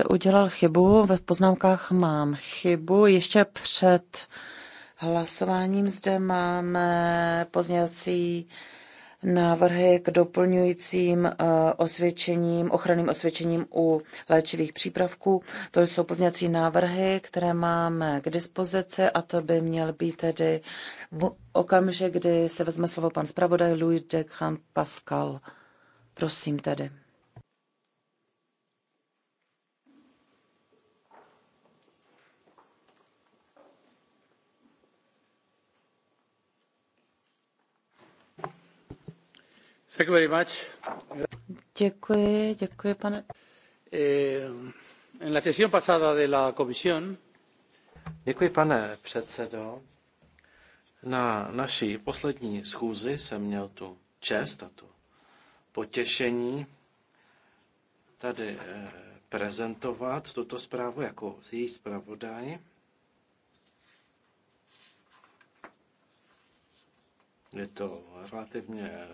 jste udělal chybu, ve poznámkách mám chybu. Ještě před hlasováním zde máme pozněcí návrhy k doplňujícím eh, osvědčením, ochranným osvědčením u léčivých přípravků. To jsou pozněcí návrhy, které máme k dispozici a to by měl být tedy v okamžik, kdy se vezme slovo pan zpravodaj Louis de Pascal. Prosím tedy. pane. Eh, předsedající Na naší poslední schůzi jsem měl tu čest a to potěšení tady eh, prezentovat tuto zprávu jako její zpravodaj. Je to relativně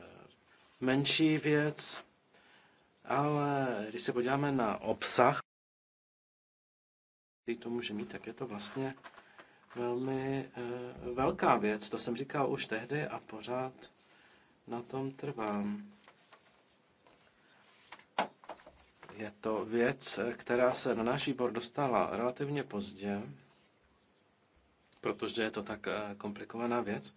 menší věc, ale když se podíváme na obsah, který to může mít, tak je to vlastně velmi e, velká věc. To jsem říkal už tehdy a pořád na tom trvám. Je to věc, která se na náš výbor dostala relativně pozdě, protože je to tak eh, komplikovaná věc.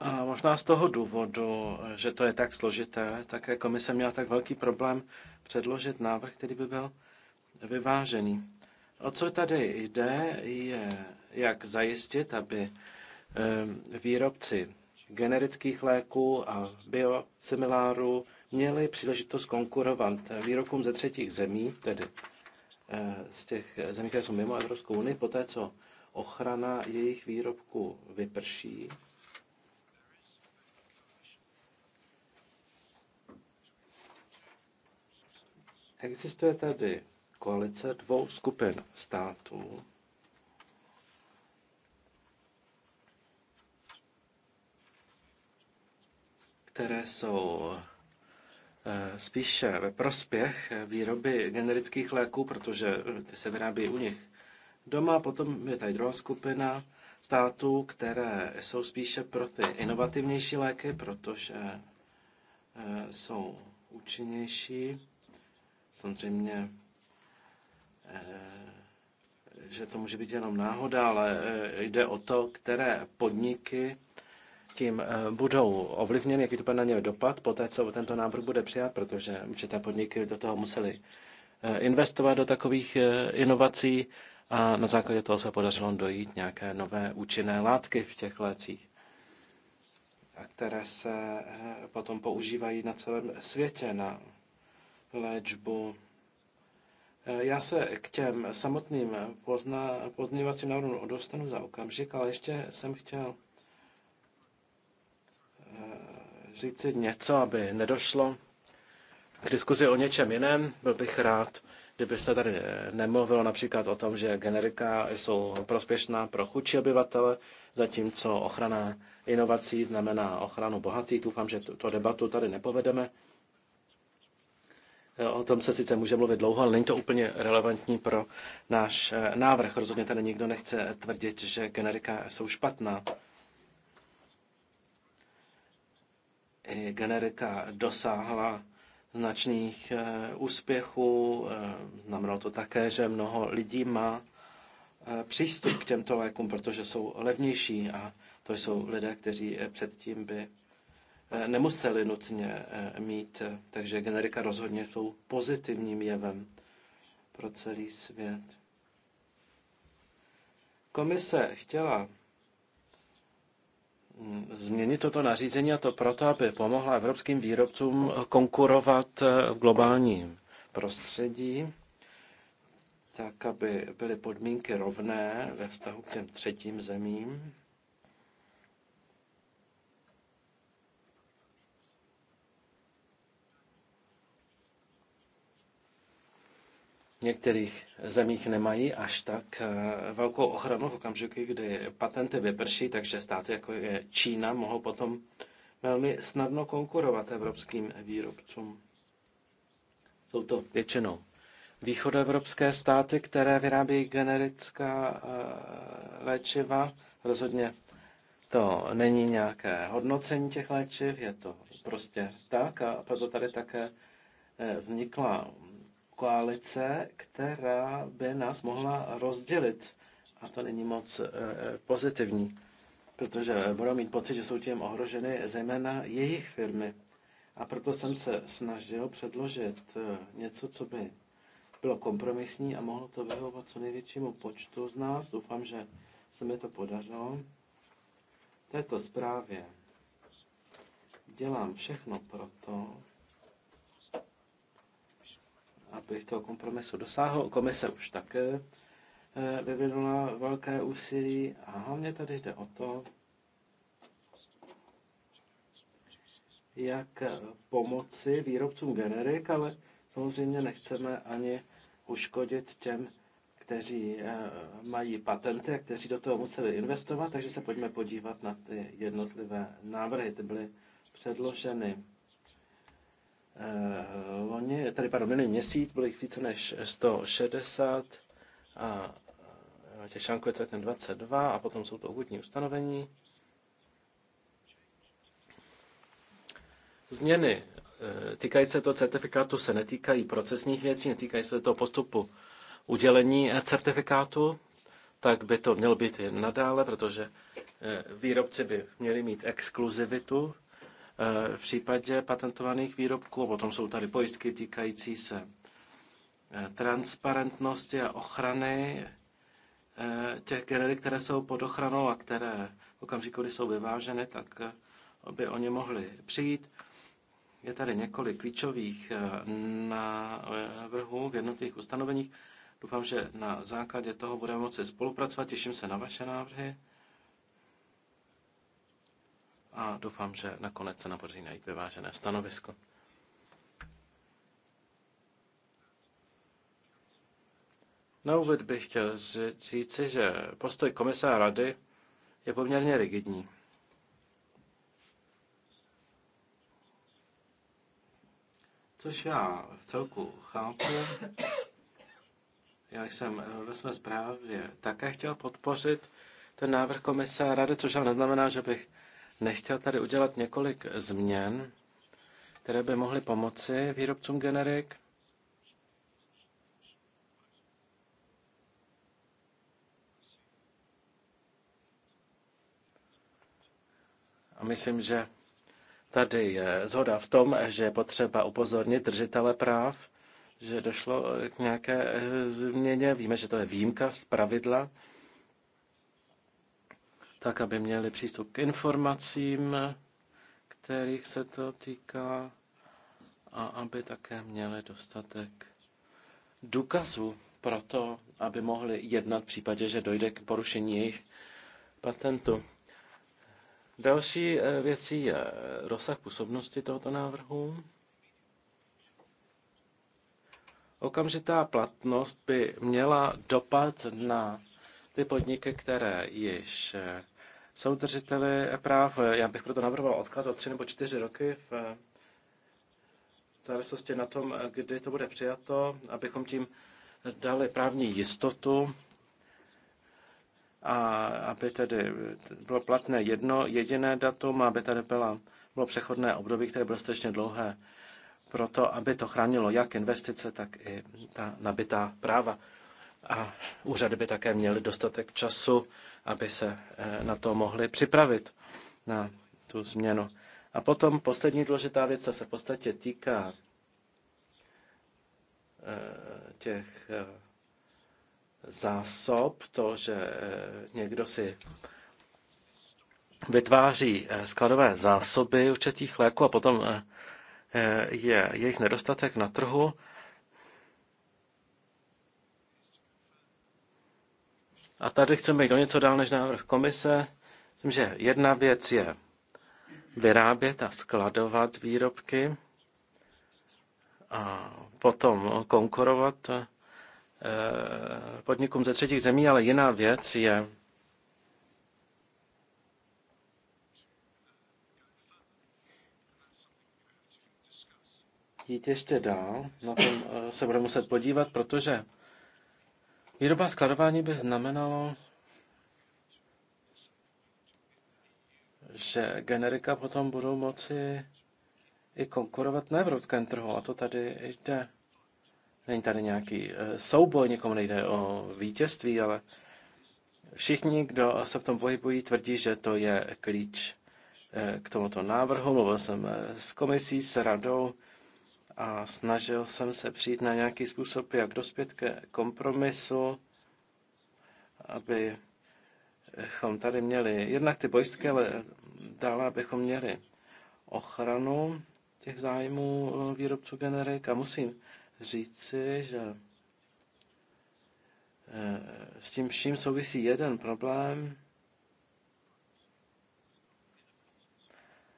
A možná z toho důvodu, že to je tak složité, také komise jako měla tak velký problém předložit návrh, který by byl vyvážený. O co tady jde, je jak zajistit, aby výrobci generických léků a biosimilárů měli příležitost konkurovat výrokům ze třetích zemí, tedy eh, z těch zemí, které jsou mimo Evropskou unii, poté co ochrana jejich výrobků vyprší Existuje tedy koalice dvou skupin států, které jsou eh, spíše ve prospěch výroby generických léků, protože eh, ty se vyrábí u nich doma. Potom je tady druhá skupina států, které jsou spíše pro ty inovativnější léky, protože eh, jsou účinnější. Samozřejmě, eh, že to může být jenom náhoda, ale eh, jde o to, které podniky tím eh, budou ovlivněny, jaký to bude na ně dopad Poté, co tento návrh bude přijat, protože určité podniky do toho museli investovat do takových inovací a na základě toho se podařilo dojít nějaké nové účinné látky v těch lécích, které se potom používají na celém světě na léčbu. Eh, já se k těm samotným pozna, pozměňovacím návrhům dostanu za okamžik, ale ještě jsem chtěl eh, říci něco, aby nedošlo k diskuzi o něčem jiném. Byl bych rád, kdyby se tady eh, nemluvilo například o tom, že generika jsou prospěšná pro chudší obyvatele, zatímco ochrana inovací znamená ochranu bohatých. Doufám, že tu debatu tady nepovedeme. Eh, o tom se sice může mluvit dlouho, ale není to úplně relevantní pro náš eh, návrh. Rozhodně tady nikdo nechce tvrdit, že generika jsou špatná. I generika dosáhla značných eh, úspěchů. Znamenalo to také, že mnoho lidí má přístup k těmto lékům, protože jsou levnější a to jsou lidé, kteří předtím by Eh, nemuseli nutně eh, mít. Eh, takže generika rozhodně jsou pozitivním jevem pro celý svět. Komise chtěla hm, změnit toto nařízení a to proto, aby pomohla evropským výrobcům konkurovat v globálním prostředí, tak aby byly podmínky rovné ve vztahu k těm třetím zemím. V některých zemích nemají až tak eh, velkou ochranu v okamžiku, kdy patenty vyprší, takže státy jako je Čína mohou potom velmi snadno konkurovat evropským výrobcům. Jsou to většinou východoevropské státy, které vyrábějí generická eh, léčiva. Rozhodně to není nějaké hodnocení těch léčiv, je to prostě tak a proto tady také eh, vznikla koalice, která by nás mohla rozdělit. A to není moc eh, eh, pozitivní, protože eh, budou mít pocit, že jsou tím ohroženy zejména jejich firmy. A proto jsem se snažil předložit něco, co by bylo kompromisní a mohlo to vyhovovat co největšímu počtu z nás. Doufám, že se mi to podařilo. V této zprávě dělám všechno pro to, abych toho kompromisu dosáhl. Komise už také eh, vyvinula velké úsilí a hlavně tady jde o to, jak pomoci výrobcům generik, ale samozřejmě nechceme ani uškodit těm, kteří eh, mají patenty a kteří do toho museli investovat, takže se pojďme podívat na ty jednotlivé návrhy, ty byly předloženy loni, eh, tady pardon, minulý měsíc bylo jich více než 160 a eh, těch článků je celkem 22 a potom jsou to úvodní ustanovení. Změny eh, týkají se toho certifikátu, se netýkají procesních věcí, netýkají se toho postupu udělení certifikátu, tak by to mělo být nadále, protože výrobci by měli mít exkluzivitu v případě patentovaných výrobků. A potom jsou tady pojistky týkající se eh, transparentnosti a ochrany eh, těch generik, které jsou pod ochranou a které v okamžiku, kdy jsou vyváženy, tak eh, by oni mohli přijít. Je tady několik klíčových návrhů v jednotlivých ustanoveních. Doufám, že na základě toho budeme moci spolupracovat. Těším se na vaše návrhy a doufám, že nakonec se nám podaří najít vyvážené stanovisko. Na úvod bych chtěl říci, že postoj komise a rady je poměrně rigidní. Což já v celku chápu. Já jsem ve své zprávě také chtěl podpořit ten návrh komise a rady, což ale neznamená, že bych nechtěl tady udělat několik změn, které by mohly pomoci výrobcům generik. A myslím, že tady je zhoda v tom, že je potřeba upozornit držitele práv, že došlo k nějaké změně. Víme, že to je výjimka z pravidla, tak aby měli přístup k informacím, kterých se to týká, a aby také měli dostatek důkazů pro to, aby mohli jednat v případě, že dojde k porušení jejich patentu. Další eh, věcí je eh, rozsah působnosti tohoto návrhu. Okamžitá platnost by měla dopad na ty podniky, které již eh, jsou držiteli práv. Já bych proto navrhoval odklad o tři nebo čtyři roky v eh, závislosti na tom, eh, kdy to bude přijato, abychom tím dali právní jistotu a aby tedy bylo platné jedno jediné datum, aby tady byla, bylo přechodné období, které bylo strašně dlouhé, proto aby to chránilo jak investice, tak i ta nabitá práva a úřady by také měly dostatek času, aby se eh, na to mohli připravit, na tu změnu. A potom poslední důležitá věc, co se v podstatě týká eh, těch eh, zásob, to, že někdo si vytváří skladové zásoby určitých léků a potom je jejich nedostatek na trhu, A tady chceme jít o něco dál než návrh komise. Myslím, že jedna věc je vyrábět a skladovat výrobky a potom konkurovat eh, podnikům ze třetích zemí, ale jiná věc je jít ještě dál. Na tom eh, se budeme muset podívat, protože Výroba skladování by znamenalo, že generika potom budou moci i konkurovat na evropském trhu. A to tady jde. Není tady nějaký eh, souboj, nikomu nejde o vítězství, ale všichni, kdo se v tom pohybují, tvrdí, že to je klíč eh, k tomuto návrhu. Mluvil jsem eh, s komisí, s radou, a snažil jsem se přijít na nějaký způsob, jak dospět ke kompromisu, abychom tady měli jednak ty bojské, ale dále, abychom měli ochranu těch zájmů výrobců generik. A musím říci, že eh, s tím vším souvisí jeden problém,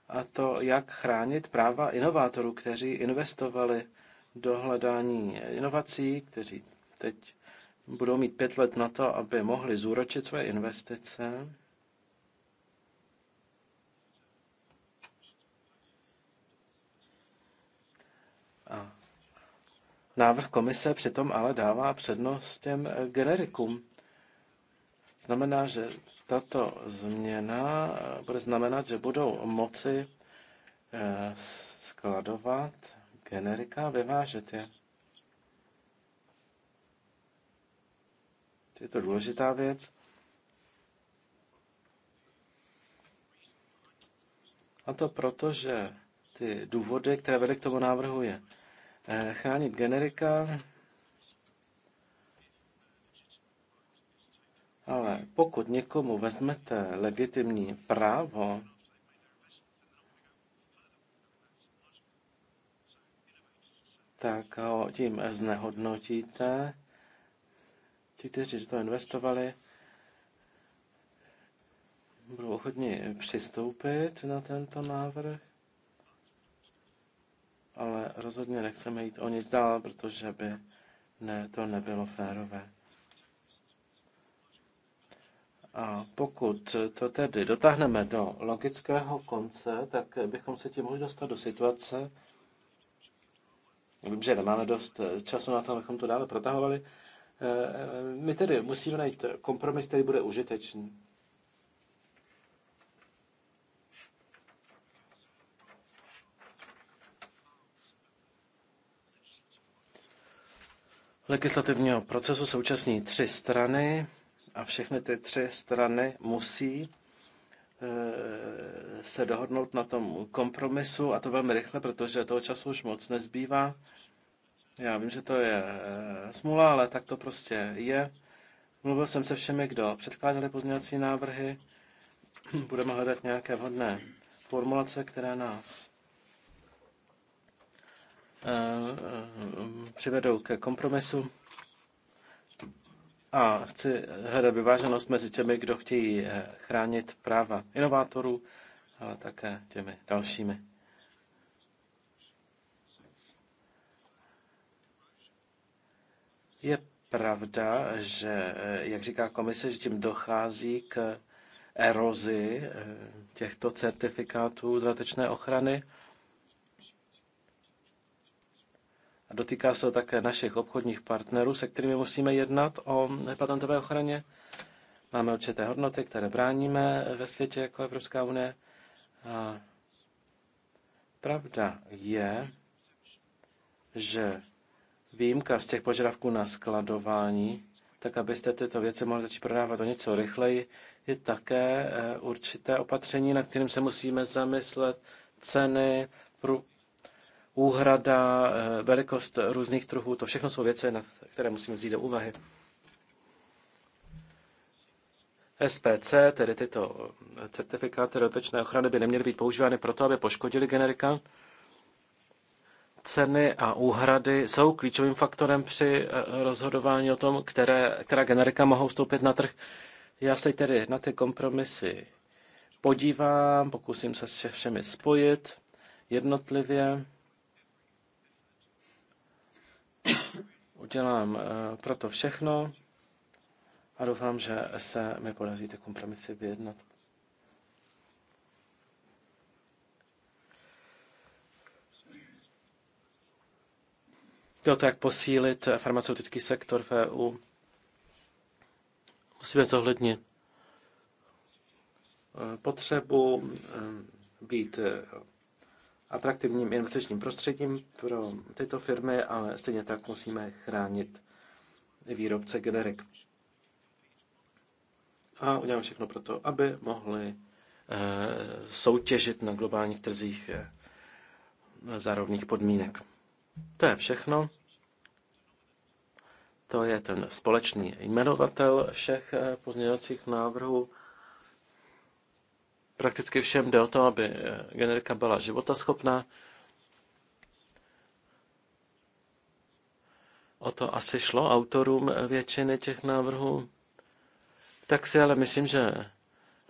a to, jak chránit práva inovátorů, kteří investovali do hledání inovací, kteří teď budou mít pět let na to, aby mohli zúročit své investice. A návrh komise přitom ale dává přednost těm generikům. Znamená, že tato změna eh, bude znamenat, že budou moci eh, skladovat generika a vyvážet je. Je to důležitá věc. A to proto, že ty důvody, které vedly k tomu návrhu, je eh, chránit generika, Ale pokud někomu vezmete legitimní právo, tak ho tím znehodnotíte. Ti, kteří to investovali, budou ochotni přistoupit na tento návrh, ale rozhodně nechceme jít o nic dál, protože by ne, to nebylo férové. A pokud to tedy dotáhneme do logického konce, tak bychom se tím mohli dostat do situace, vím, že nemáme dost času na to, abychom to dále protahovali, eh, my tedy musíme najít kompromis, který bude užitečný. Legislativního procesu se účastní tři strany a všechny ty tři strany musí e, se dohodnout na tom kompromisu a to velmi rychle, protože toho času už moc nezbývá. Já vím, že to je e, smula, ale tak to prostě je. Mluvil jsem se všemi, kdo předkládali pozměňovací návrhy. Budeme hledat nějaké vhodné formulace, které nás e, přivedou ke kompromisu. A chci hledat vyváženost mezi těmi, kdo chtějí eh, chránit práva inovátorů, ale také těmi dalšími. Je pravda, že, eh, jak říká komise, že tím dochází k erozi eh, těchto certifikátů dodatečné ochrany. a dotýká se také našich obchodních partnerů, se kterými musíme jednat o patentové ochraně. Máme určité hodnoty, které bráníme ve světě jako Evropská unie. A pravda je, že výjimka z těch požadavků na skladování, tak abyste tyto věci mohli začít prodávat o něco rychleji, je také eh, určité opatření, na kterým se musíme zamyslet ceny, úhrada, eh, velikost různých trhů, to všechno jsou věci, na které musíme vzít do úvahy. SPC, tedy tyto eh, certifikáty dodatečné ochrany, by neměly být používány proto, aby poškodili generika. Ceny a úhrady jsou klíčovým faktorem při eh, rozhodování o tom, které, která generika mohou vstoupit na trh. Já se tedy na ty kompromisy podívám, pokusím se se všemi spojit jednotlivě. Udělám eh, proto všechno a doufám, že se mi podaří ty kompromisy vyjednat. Jde to, jak posílit farmaceutický sektor v EU. Musíme zohlednit eh, potřebu eh, být atraktivním investičním prostředím pro tyto firmy, ale stejně tak musíme chránit výrobce generik. A uděláme všechno pro to, aby mohli eh, soutěžit na globálních trzích eh, za rovných podmínek. To je všechno. To je ten společný jmenovatel všech eh, pozměňovacích návrhů prakticky všem jde o to, aby eh, generika byla životaschopná. O to asi šlo autorům eh, většiny těch návrhů. Tak si ale myslím, že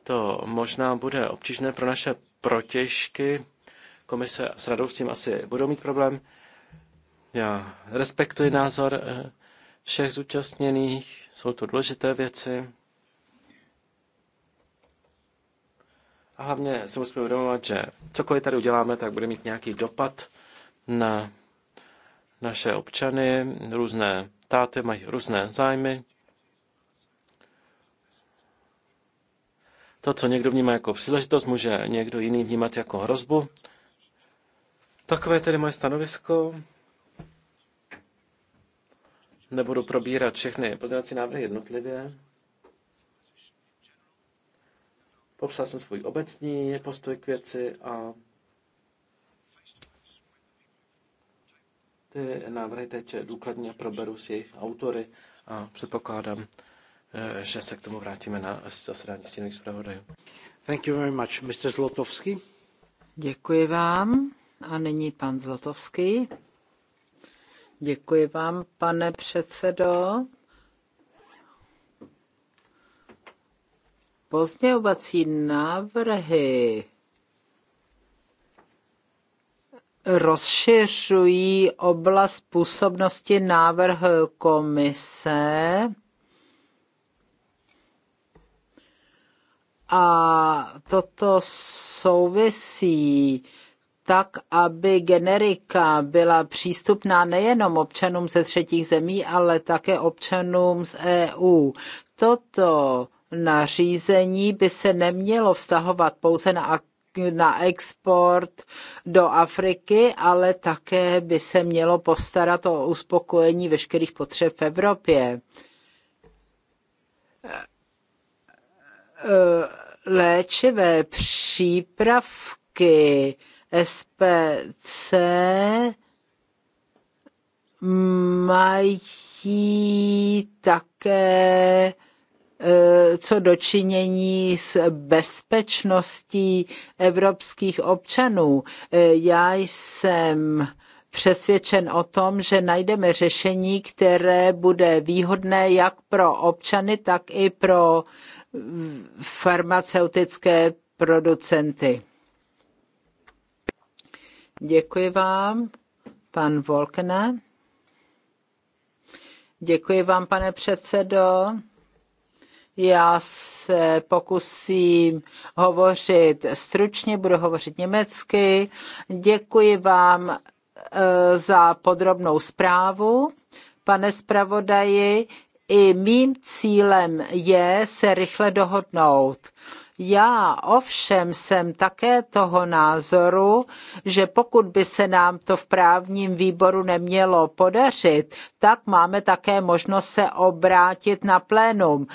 to možná bude obtížné pro naše protěžky. Komise s radou s tím asi budou mít problém. Já respektuji názor eh, všech zúčastněných, jsou to důležité věci. A hlavně se musíme uvědomovat, že cokoliv tady uděláme, tak bude mít nějaký dopad na naše občany. Různé táty mají různé zájmy. To, co někdo vnímá jako příležitost, může někdo jiný vnímat jako hrozbu. Takové tedy moje stanovisko. Nebudu probírat všechny pozměňovací návrhy jednotlivě. Popsal jsem svůj obecný postoj k věci a ty návrhy teď důkladně proberu s jejich autory a předpokládám, eh, že se k tomu vrátíme na zasedání stínových zpravodajů. Thank you very much, Mr. Zlotovský. Děkuji vám. A nyní pan Zlotovský. Děkuji vám, pane předsedo. Pozdějovací návrhy rozšiřují oblast působnosti návrh komise a toto souvisí tak, aby generika byla přístupná nejenom občanům ze třetích zemí, ale také občanům z EU. Toto nařízení by se nemělo vztahovat pouze na, na export do Afriky, ale také by se mělo postarat o uspokojení veškerých potřeb v Evropě. Eh, eh, léčivé přípravky SPC mají také co dočinění s bezpečností evropských občanů. Já jsem přesvědčen o tom, že najdeme řešení, které bude výhodné jak pro občany, tak i pro farmaceutické producenty. Děkuji vám, pan Volkne. Děkuji vám, pane předsedo. Já se pokusím hovořit stručně, budu hovořit německy. Děkuji vám eh, za podrobnou zprávu, pane zpravodaji. I mým cílem je se rychle dohodnout. Já ovšem jsem také toho názoru, že pokud by se nám to v právním výboru nemělo podařit, tak máme také možnost se obrátit na plénum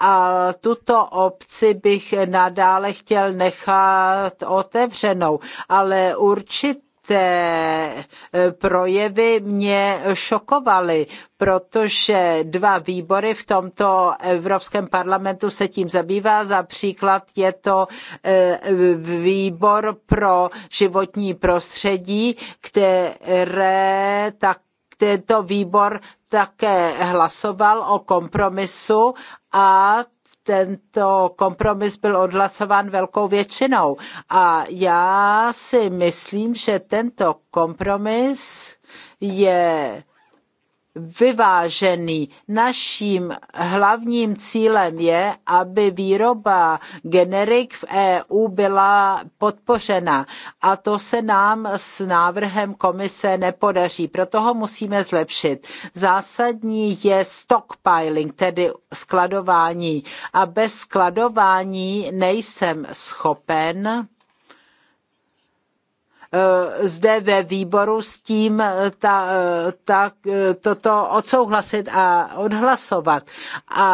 a tuto obci bych nadále chtěl nechat otevřenou, ale určitě te projevy mě šokovaly, protože dva výbory v tomto Evropském parlamentu se tím zabývá. Za příklad je to e, výbor pro životní prostředí, které tak tento výbor také hlasoval o kompromisu a tento kompromis byl odhlasován velkou většinou. A já si myslím, že tento kompromis je vyvážený. Naším hlavním cílem je, aby výroba generik v EU byla podpořena a to se nám s návrhem komise nepodaří, proto ho musíme zlepšit. Zásadní je stockpiling, tedy skladování a bez skladování nejsem schopen Eh, zde ve výboru s tím eh, ta, eh, ta, toto odsouhlasit a odhlasovat. A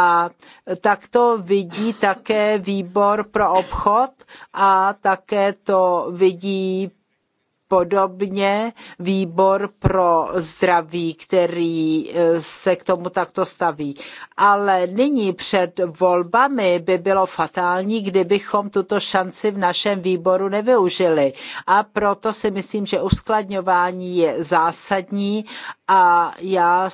tak to vidí také výbor pro obchod a také to vidí Podobně výbor pro zdraví, který e, se k tomu takto staví. Ale nyní před volbami by bylo fatální, kdybychom tuto šanci v našem výboru nevyužili. A proto si myslím, že uskladňování je zásadní a já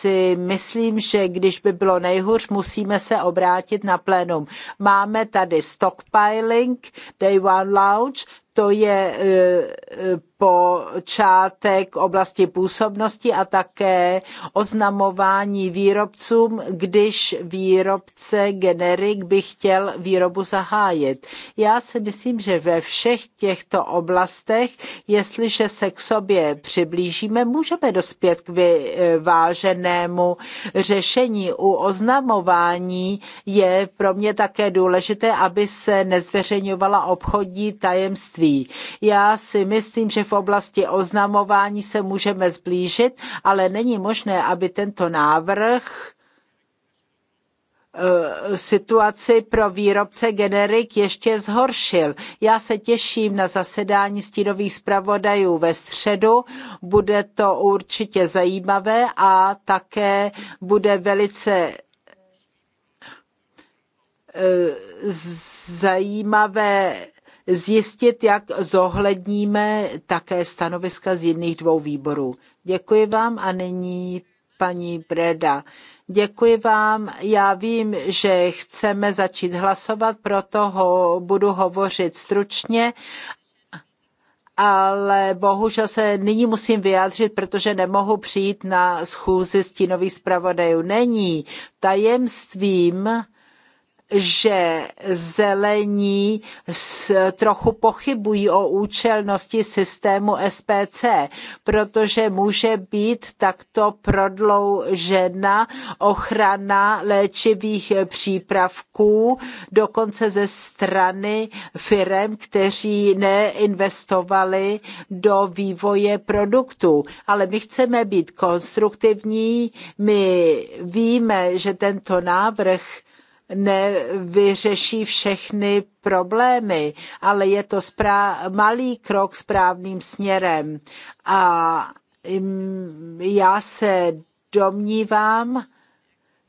si myslím, že když by bylo nejhůř, musíme se obrátit na plénum. Máme tady stockpiling, day one lounge, to je eh, eh, počátek oblasti působnosti a také oznamování výrobcům, když výrobce generik by chtěl výrobu zahájit. Já si myslím, že ve všech těchto oblastech, jestliže se k sobě přiblížíme, můžeme dospět k vyváženému řešení. U oznamování je pro mě také důležité, aby se nezveřejňovala obchodní tajemství. Já si myslím, že v oblasti oznamování se můžeme zblížit, ale není možné, aby tento návrh eh, situaci pro výrobce generik ještě zhoršil. Já se těším na zasedání stínových zpravodajů ve středu. Bude to určitě zajímavé a také bude velice eh, zajímavé zjistit, jak zohledníme také stanoviska z jiných dvou výborů. Děkuji vám a nyní paní Breda. Děkuji vám. Já vím, že chceme začít hlasovat, proto ho, budu hovořit stručně, ale bohužel se nyní musím vyjádřit, protože nemohu přijít na schůzi stínových zpravodajů. Není tajemstvím, že zelení trochu pochybují o účelnosti systému SPC, protože může být takto prodloužena ochrana léčivých přípravků, dokonce ze strany firem, kteří neinvestovali do vývoje produktů. Ale my chceme být konstruktivní, my víme, že tento návrh nevyřeší všechny problémy, ale je to malý krok správným směrem. A mm, já se domnívám,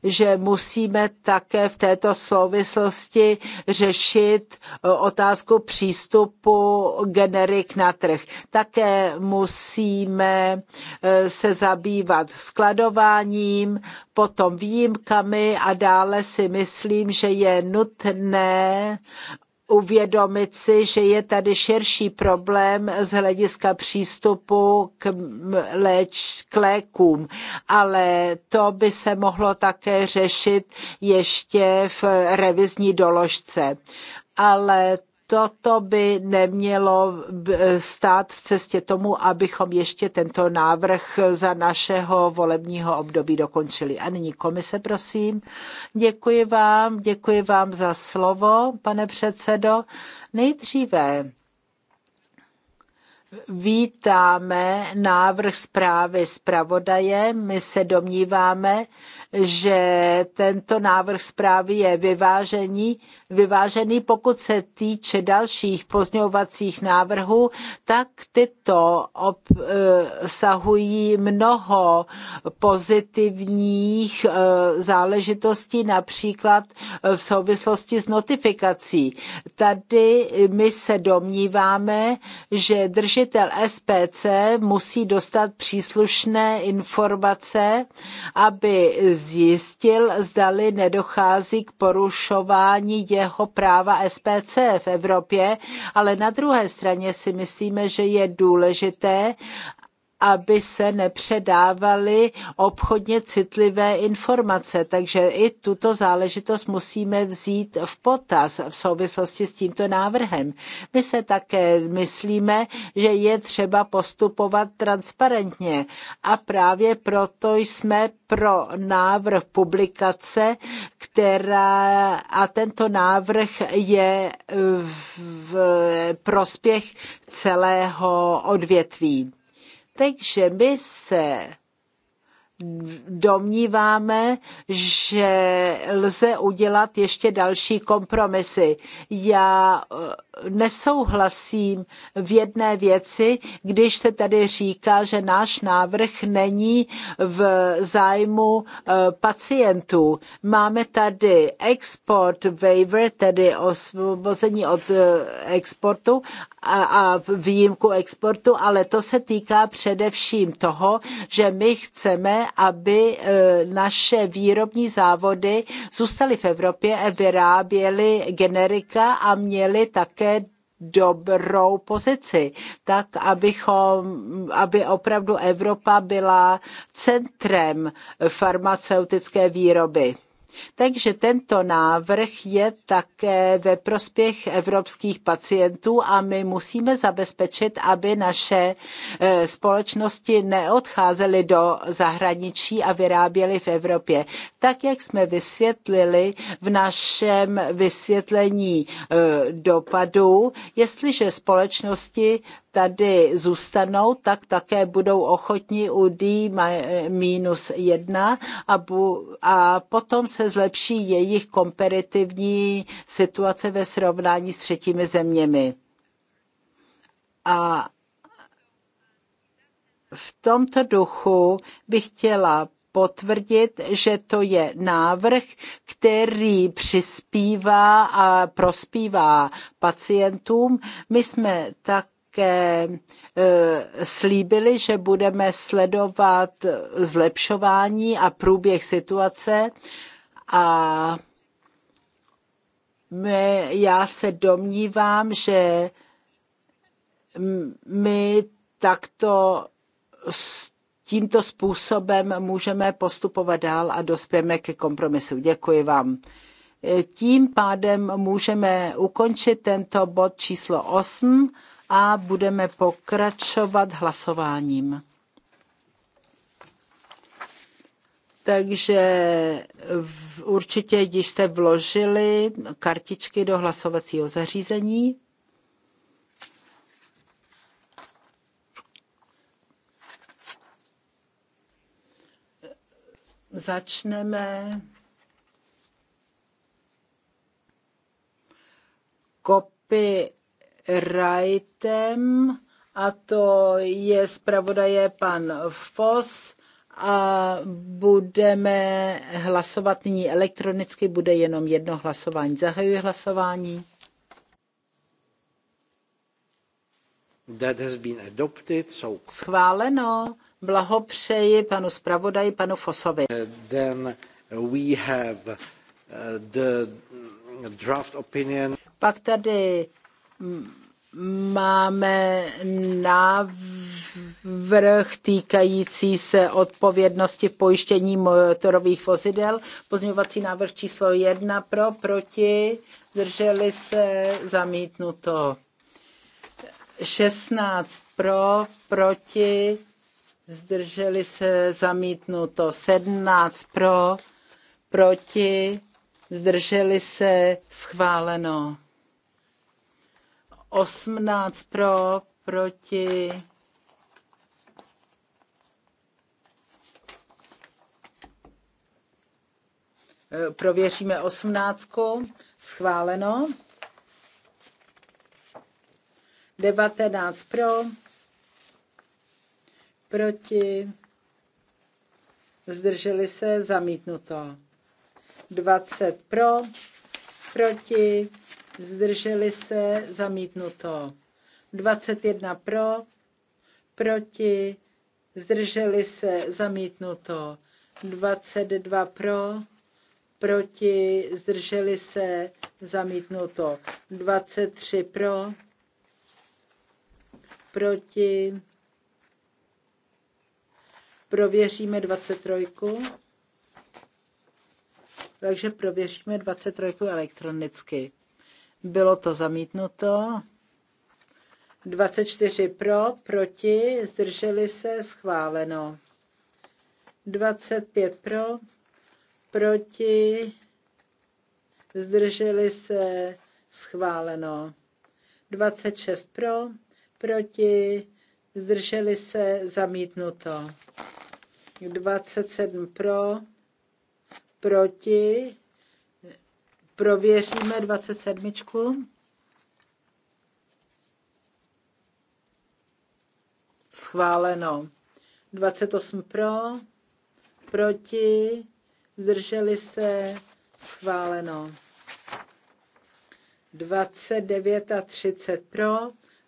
že musíme také v této souvislosti řešit eh, otázku přístupu generik na trh. Také musíme eh, se zabývat skladováním, potom výjimkami a dále si myslím, že je nutné uvědomit si, že je tady širší problém z hlediska přístupu k, léč, k lékům, ale to by se mohlo také řešit ještě v revizní doložce. Ale toto by nemělo stát v cestě tomu, abychom ještě tento návrh za našeho volebního období dokončili. A nyní komise, prosím. Děkuji vám, děkuji vám za slovo, pane předsedo. Nejdříve vítáme návrh zprávy zpravodaje. My se domníváme, že tento návrh zprávy je vyvážený, vyvážený. Pokud se týče dalších pozňovacích návrhů, tak tyto obsahují mnoho pozitivních eh, záležitostí, například eh, v souvislosti s notifikací. Tady my se domníváme, že držitel SPC musí dostat příslušné informace, aby zjistil, zdali nedochází k porušování jeho práva SPC v Evropě, ale na druhé straně si myslíme, že je důležité, aby se nepředávaly obchodně citlivé informace. Takže i tuto záležitost musíme vzít v potaz v souvislosti s tímto návrhem. My se také myslíme, že je třeba postupovat transparentně a právě proto jsme pro návrh publikace, která a tento návrh je v prospěch celého odvětví. Takže my se domníváme, že lze udělat ještě další kompromisy. Já nesouhlasím v jedné věci, když se tady říká, že náš návrh není v zájmu eh, pacientů. Máme tady export waiver, tedy osvobození od eh, exportu a, výjimku exportu, ale to se týká především toho, že my chceme, aby eh, naše výrobní závody zůstaly v Evropě a vyráběly generika a měly také také dobrou pozici, tak abychom, aby opravdu Evropa byla centrem farmaceutické výroby. Takže tento návrh je také ve prospěch evropských pacientů a my musíme zabezpečit, aby naše e, společnosti neodcházely do zahraničí a vyráběly v Evropě. Tak, jak jsme vysvětlili v našem vysvětlení e, dopadu, jestliže společnosti tady zůstanou, tak také budou ochotní u D minus jedna a, bu, a potom se zlepší jejich komparativní situace ve srovnání s třetími zeměmi. A v tomto duchu bych chtěla potvrdit, že to je návrh, který přispívá a prospívá pacientům. My jsme tak také eh, slíbili, že budeme sledovat zlepšování a průběh situace a my, já se domnívám, že my takto tímto způsobem můžeme postupovat dál a dospějeme ke kompromisu. Děkuji vám. Tím pádem můžeme ukončit tento bod číslo 8 a budeme pokračovat hlasováním. Takže určitě, když jste vložili kartičky do hlasovacího zařízení, začneme kopy Wrightem a to je zpravodaje pan Foss a budeme hlasovat nyní elektronicky, bude jenom jedno hlasování. Zahajuji hlasování. That has been adopted, so... Schváleno. Blahopřeji panu zpravodaji, panu Fosovi. Uh, then we have uh, the draft opinion. Pak tady máme návrh týkající se odpovědnosti pojištění motorových vozidel. Pozměňovací návrh číslo jedna pro, proti, drželi se, zamítnuto. 16 pro, proti, zdrželi se, zamítnuto. 17 pro, proti, zdrželi se, schváleno. 18 pro, proti. E, prověříme osmnáctku. Schváleno. 19 pro, proti, zdrželi se, zamítnuto. 20 pro, proti, zdrželi se, zamítnuto. 21 pro, proti, zdrželi se, zamítnuto. 22 pro, proti, zdrželi se, zamítnuto. 23 pro, proti, prověříme 23. Takže prověříme 23 elektronicky. Bylo to zamítnuto. 24 pro, proti, zdrželi se, schváleno. 25 pro, proti, zdrželi se, schváleno. 26 pro, proti, zdrželi se, zamítnuto. 27 pro, proti, Prověříme 27. Schváleno. 28 pro, proti, zdrželi se, schváleno. 29 a 30 pro,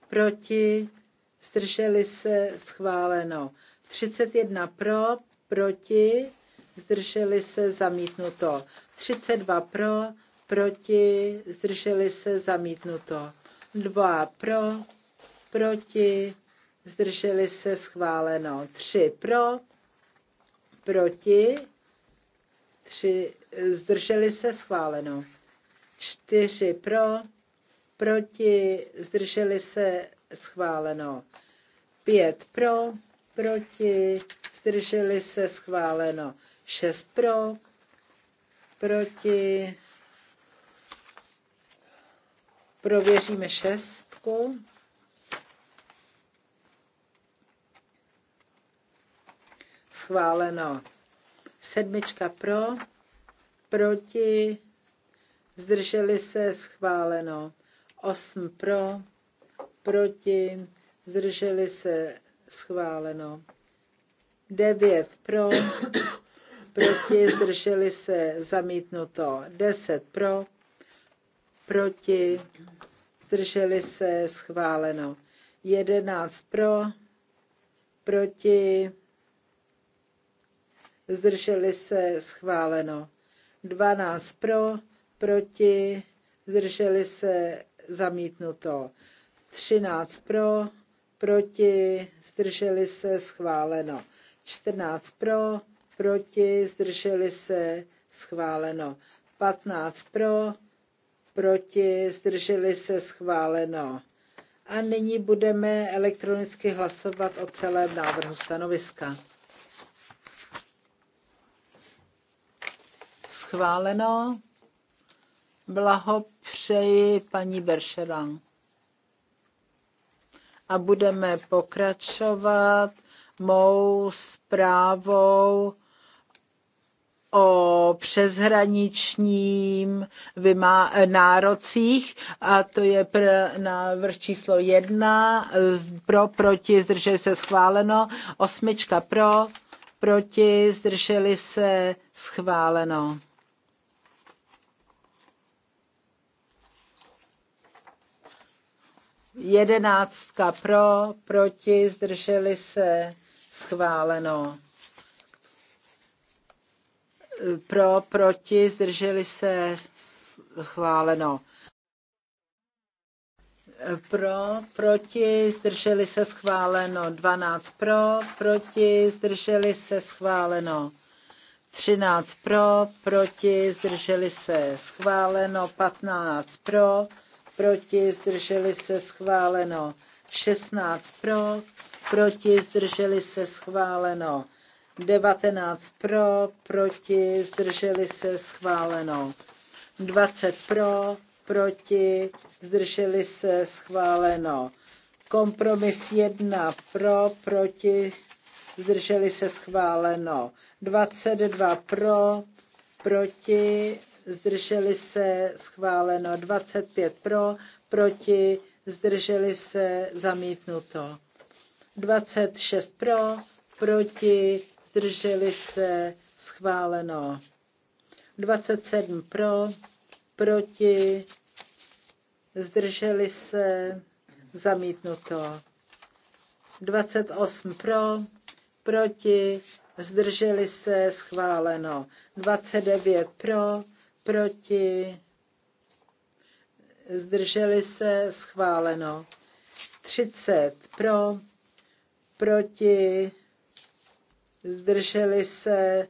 proti, zdrželi se, schváleno. 31 pro, proti, zdrželi se, zamítnuto. 32 pro, proti, zdrželi se, zamítnuto. 2 pro, proti, zdrželi se, schváleno. 3 pro, proti, tři, zdrželi se, schváleno. 4 pro, proti, zdrželi se, schváleno. 5 pro, proti, zdrželi se, schváleno. 6 pro, proti, Prověříme šestku. Schváleno. Sedmička pro, proti, zdrželi se, schváleno. Osm pro, proti, zdrželi se, schváleno. Devět pro, proti, zdrželi se, zamítnuto. Deset pro, proti, zdrželi se, schváleno. 11 pro, proti, zdrželi se, schváleno. 12 pro, proti, zdrželi se, zamítnuto. 13 pro, proti, zdrželi se, schváleno. 14 pro, proti, zdrželi se, schváleno. 15 pro, proti, zdrželi se schváleno. A nyní budeme elektronicky hlasovat o celém návrhu stanoviska. Schváleno. Blahopřeji paní Beršeran. A budeme pokračovat mou zprávou o přeshraničním nárocích a to je pr- návrh číslo jedna, pro, proti, zdrželi se schváleno, osmička pro, proti, zdrželi se schváleno. Jedenáctka pro, proti, zdrželi se schváleno pro, proti, zdrželi se, schváleno. Pro, proti, zdrželi se, schváleno. 12 pro, proti, zdrželi se, schváleno. 13 pro, proti, zdrželi se, schváleno. 15 pro, proti, zdrželi se, schváleno. 16 pro, proti, zdrželi se, schváleno. 19 pro, proti, zdrželi se schváleno. 20 pro, proti, zdrželi se schváleno. Kompromis 1 pro, proti, zdrželi se schváleno. 22 pro, proti, zdrželi se schváleno. 25 pro, proti, zdrželi se zamítnuto. 26 pro, proti, zdrželi se, schváleno. 27 pro, proti, zdrželi se, zamítnuto. 28 pro, proti, zdrželi se, schváleno. 29 pro, proti, zdrželi se, schváleno. 30 pro, proti, zdrželi se,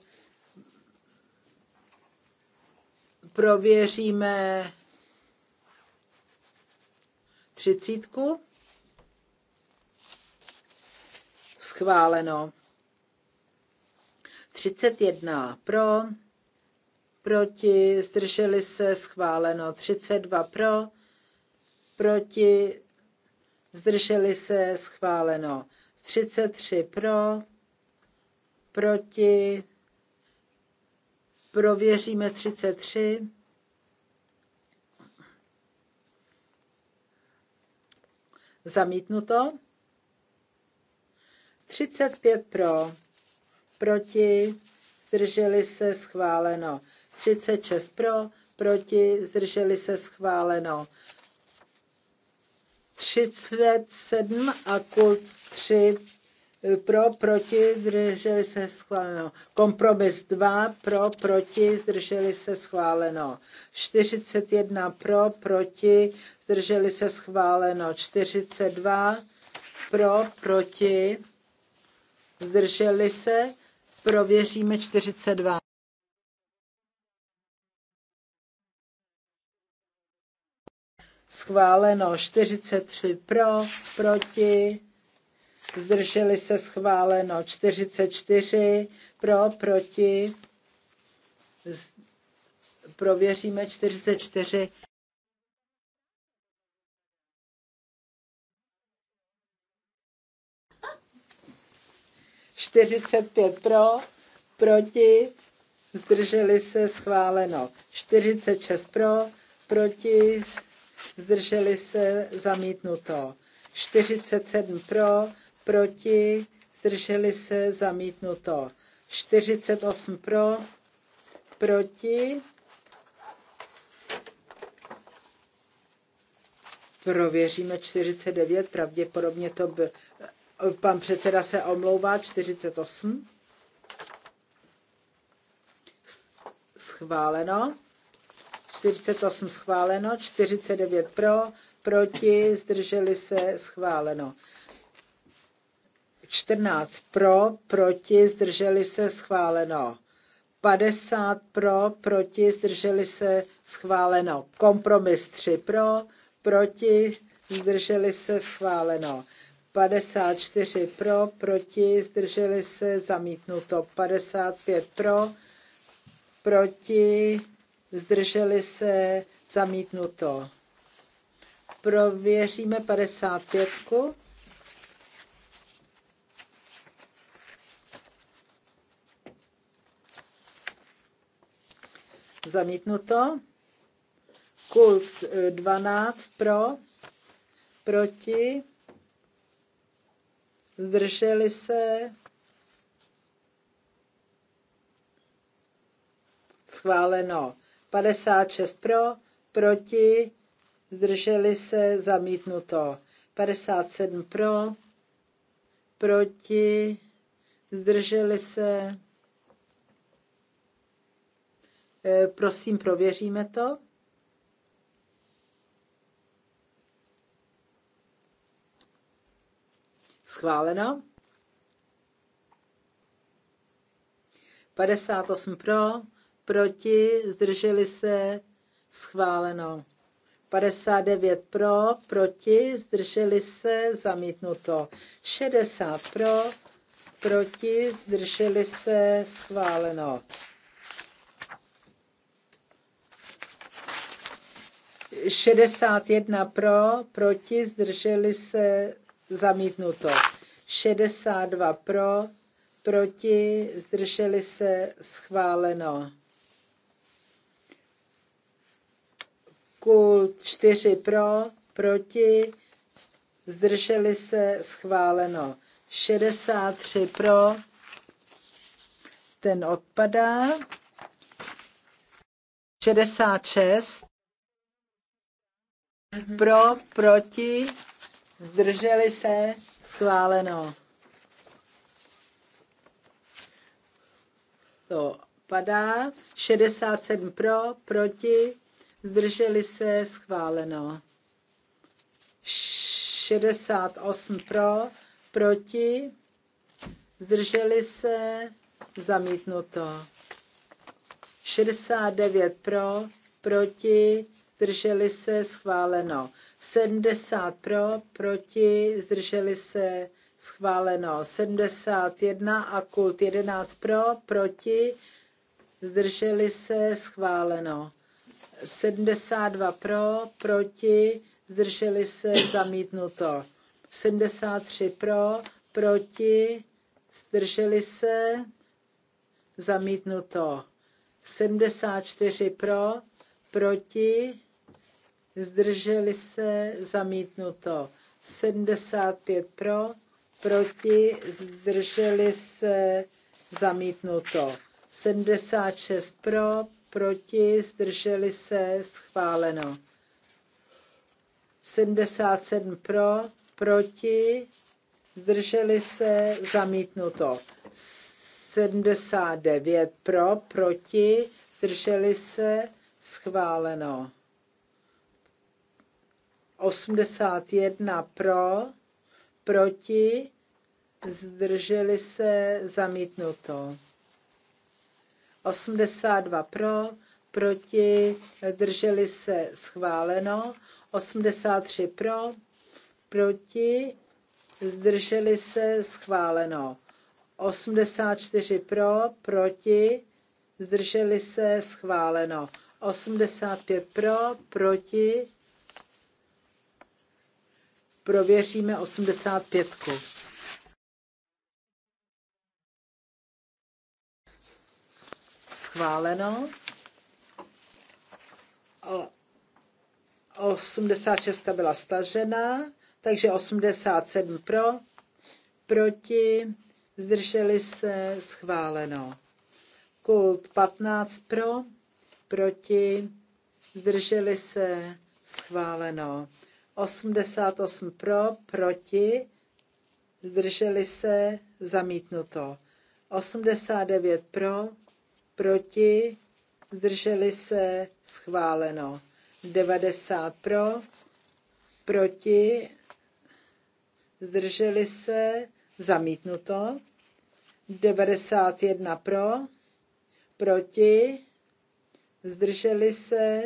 prověříme třicítku. Schváleno. 31 pro, proti, zdrželi se, schváleno. 32 pro, proti, zdrželi se, schváleno. 33 pro, proti, prověříme 33. Zamítnuto. 35 pro, proti, zdrželi se schváleno. 36 pro, proti, zdrželi se schváleno. 37 a kult 3 Eh, pro, proti, zdrželi se schváleno. Kompromis 2, pro, proti, zdrželi se schváleno. 41 pro, proti, zdrželi se schváleno. 42 pro, proti, zdrželi se, prověříme 42. Schváleno 43 pro, proti zdrželi se schváleno 44, pro, proti, z, prověříme 44. Čtyřicet pět pro, proti, zdrželi se, schváleno. Čtyřicet šest pro, proti, zdrželi se, zamítnuto. Čtyřicet sedm pro, proti, zdrželi se, zamítnuto. 48 pro, proti, prověříme 49, pravděpodobně to byl, pan předseda se omlouvá, 48. Schváleno. 48 schváleno, 49 pro, proti, zdrželi se, schváleno. 14 pro, proti, zdrželi se, schváleno. 50 pro, proti, zdrželi se, schváleno. Kompromis 3 pro, proti, zdrželi se, schváleno. 54 pro, proti, zdrželi se, zamítnuto. 55 pro, proti, zdrželi se, zamítnuto. Prověříme 55. Zamítnuto. Kult 12 eh, pro, proti, zdrželi se, schváleno 56 pro, proti, zdrželi se, zamítnuto 57 pro, proti, zdrželi se, Eh, prosím, prověříme to. Schváleno. 58 pro, proti, zdrželi se, schváleno. 59 pro, proti, zdrželi se, zamítnuto. 60 pro, proti, zdrželi se, schváleno. 61 pro, proti, zdrželi se, zamítnuto. 62 pro, proti, zdrželi se, schváleno. Kul 4 pro, proti, zdrželi se, schváleno. 63 pro, ten odpadá. 66 Mhm. Pro, proti, zdrželi se, schváleno. To padá. 67 pro, proti, zdrželi se, schváleno. 68 pro, proti, zdrželi se, zamítnuto. 69 pro, proti, zdrželi se, schváleno. 70 pro, proti, zdrželi se, schváleno. 71 a kult 11 pro, proti, zdrželi se, schváleno. 72 pro, proti, zdrželi se, zamítnuto. 73 pro, proti, zdrželi se, zamítnuto. 74 pro, proti, zdrželi se, zamítnuto. 75 pro, proti, zdrželi se, zamítnuto. 76 pro, proti, zdrželi se, schváleno. 77 pro, proti, zdrželi se, zamítnuto. 79 pro, proti, zdrželi se, schváleno. 81 pro, proti, zdrželi se, zamítnuto. 82 pro, proti, zdrželi se, schváleno. 83 pro, proti, zdrželi se, schváleno. 84 pro, proti, zdrželi se, schváleno. 85 pro, proti, Prověříme 85. Schváleno. O 86 byla stažena, takže 87 pro, proti, zdrželi se, schváleno. Kult 15 pro, proti, zdrželi se, schváleno. 88 pro, proti, zdrželi se, zamítnuto. 89 pro, proti, zdrželi se, schváleno. 90 pro, proti, zdrželi se, zamítnuto. 91 pro, proti, zdrželi se,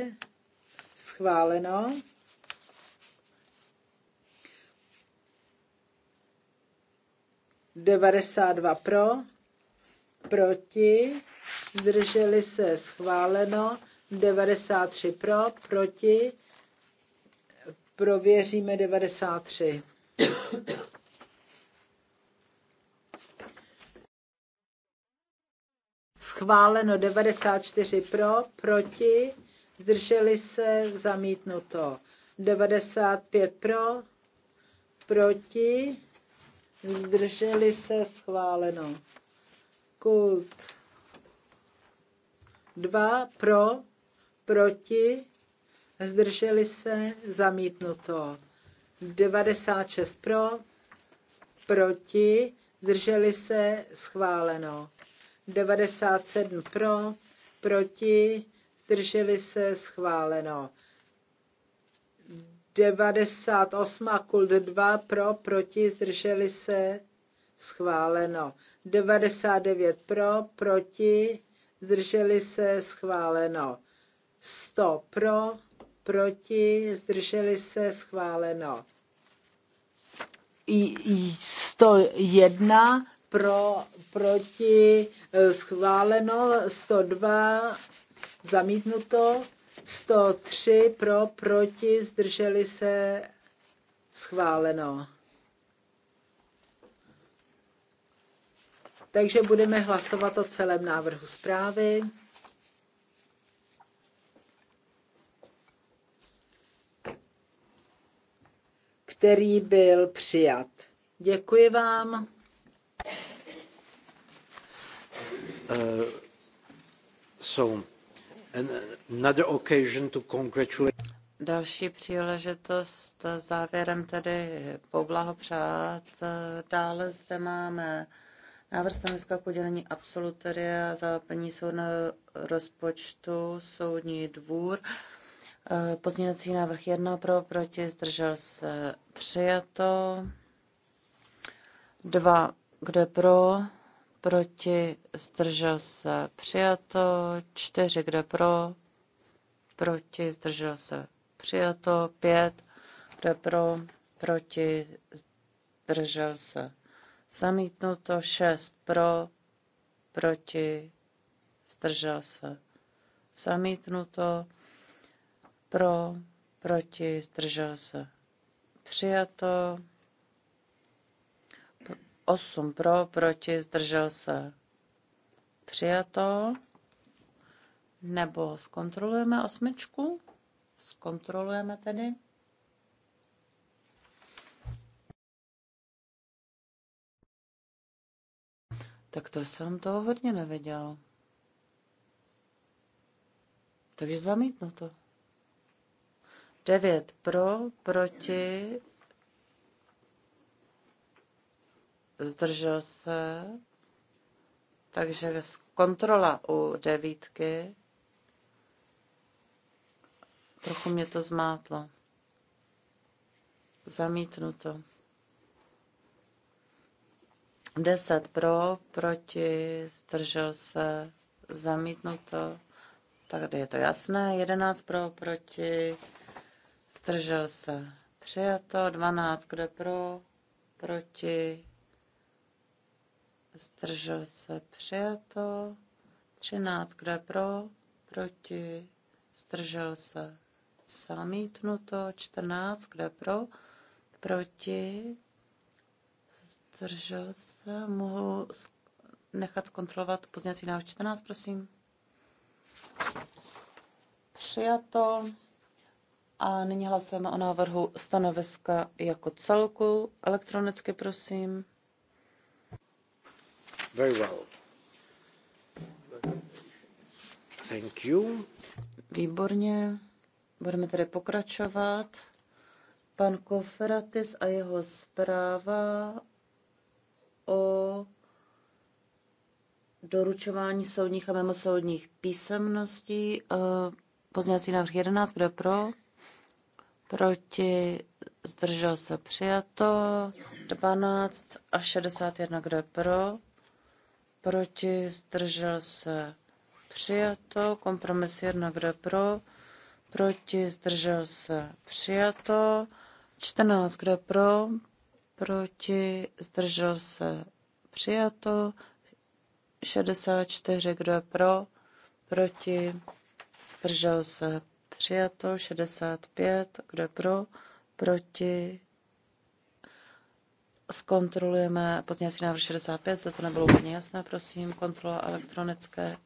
schváleno. 92 pro, proti, zdrželi se schváleno, 93 pro, proti, prověříme 93. Schváleno 94 pro, proti, zdrželi se, zamítnuto. 95 pro, proti, zdrželi se schváleno. Kult Dva pro, proti, zdrželi se zamítnuto. 96 pro, proti, zdrželi se schváleno. 97 pro, proti, zdrželi se schváleno. 98 kult 2 pro, proti, zdrželi se, schváleno. 99 pro, proti, zdrželi se, schváleno. 100 pro, proti, zdrželi se, schváleno. 101 pro, proti, schváleno, 102 zamítnuto, 103 pro, proti, zdrželi se, schváleno. Takže budeme hlasovat o celém návrhu zprávy. který byl přijat. Děkuji vám. Uh, eh, so. Další příležitost závěrem tedy poblahopřát. Dále zde máme návrh stanoviska k udělení absolutoria za plní soudného rozpočtu Soudní dvůr. Pozměňovací návrh 1 pro, proti, zdržel se přijato. 2, kde pro, proti, zdržel se, přijato, čtyři, kdo pro, proti, zdržel se, přijato, pět, kdo pro, proti, zdržel se, zamítnuto, šest, pro, proti, zdržel se, zamítnuto, pro, proti, zdržel se, přijato, 8 pro, proti, zdržel se. Přijato. Nebo zkontrolujeme osmičku. Zkontrolujeme tedy. Tak to jsem toho hodně nevěděl. Takže zamítnu to. 9 pro, proti, zdržel se, takže kontrola u devítky, trochu mě to zmátlo. Zamítnuto. deset pro, proti, zdržel se, zamítnuto. Tak je to jasné. jedenáct pro, proti, zdržel se, přijato. Dvanáct, kde pro, proti, zdržel se přijato, 13, kdo je pro, proti, zdržel se zamítnuto, 14, kdo je pro, proti, zdržel se, mohu nechat zkontrolovat pozněcí návrh 14, prosím. Přijato. A nyní hlasujeme o návrhu stanoviska jako celku. Elektronicky, prosím. Very well. Thank you. Výborně. Budeme tedy pokračovat. Pan Koferatis a jeho zpráva o doručování soudních a mimosoudních písemností. Pozněcí návrh 11, kdo pro? Proti zdržel se přijato. 12 a 61, kdo pro? proti, zdržel se přijato, kompromis 1, kdo pro, proti, zdržel se přijato, 14, kdo pro, proti, zdržel se přijato, 64, kdo je pro, proti, zdržel se přijato, 65, kdo je pro, proti, zkontrolujeme pozměňovací návrh 65, zda to nebylo úplně jasné, prosím, kontrola elektronické.